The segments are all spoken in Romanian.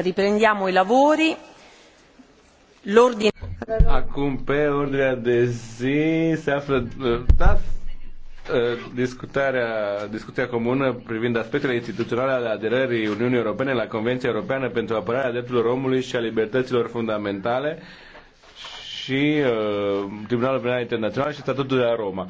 Riprendiamo i lavori. L'ordine... Acum pe ordinea de zi se află da, ă, discutarea, discuția comună privind aspectele instituționale ale aderării Uniunii Europene la Convenția Europeană pentru apărarea drepturilor omului și a libertăților fundamentale și uh, Tribunalul Penal Internațional și Statutul de la Roma.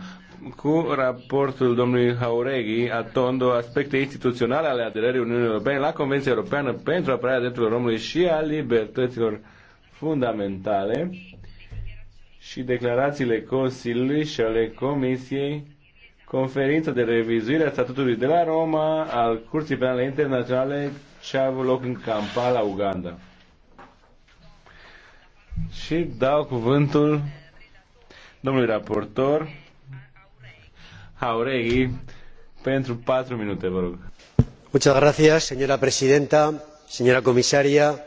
Cu raportul domnului Haureghi, atondo aspecte instituționale ale aderării Uniunii Europene la Convenția Europeană pentru apărarea drepturilor omului și a libertăților fundamentale și declarațiile Consiliului și ale Comisiei conferința de revizuire a statutului de la Roma al Curții Penale Internaționale ce a avut loc în Kampala, Uganda. Și dau cuvântul domnului raportor Jauregui pentru patru minute, vă rog. Muchas gracias, señora presidenta, señora comisaria,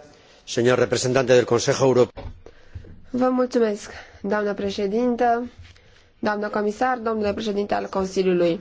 señor representante del Consejo Europeo. Vă mulțumesc, doamnă președintă, doamnă comisar, domnule președinte al Consiliului.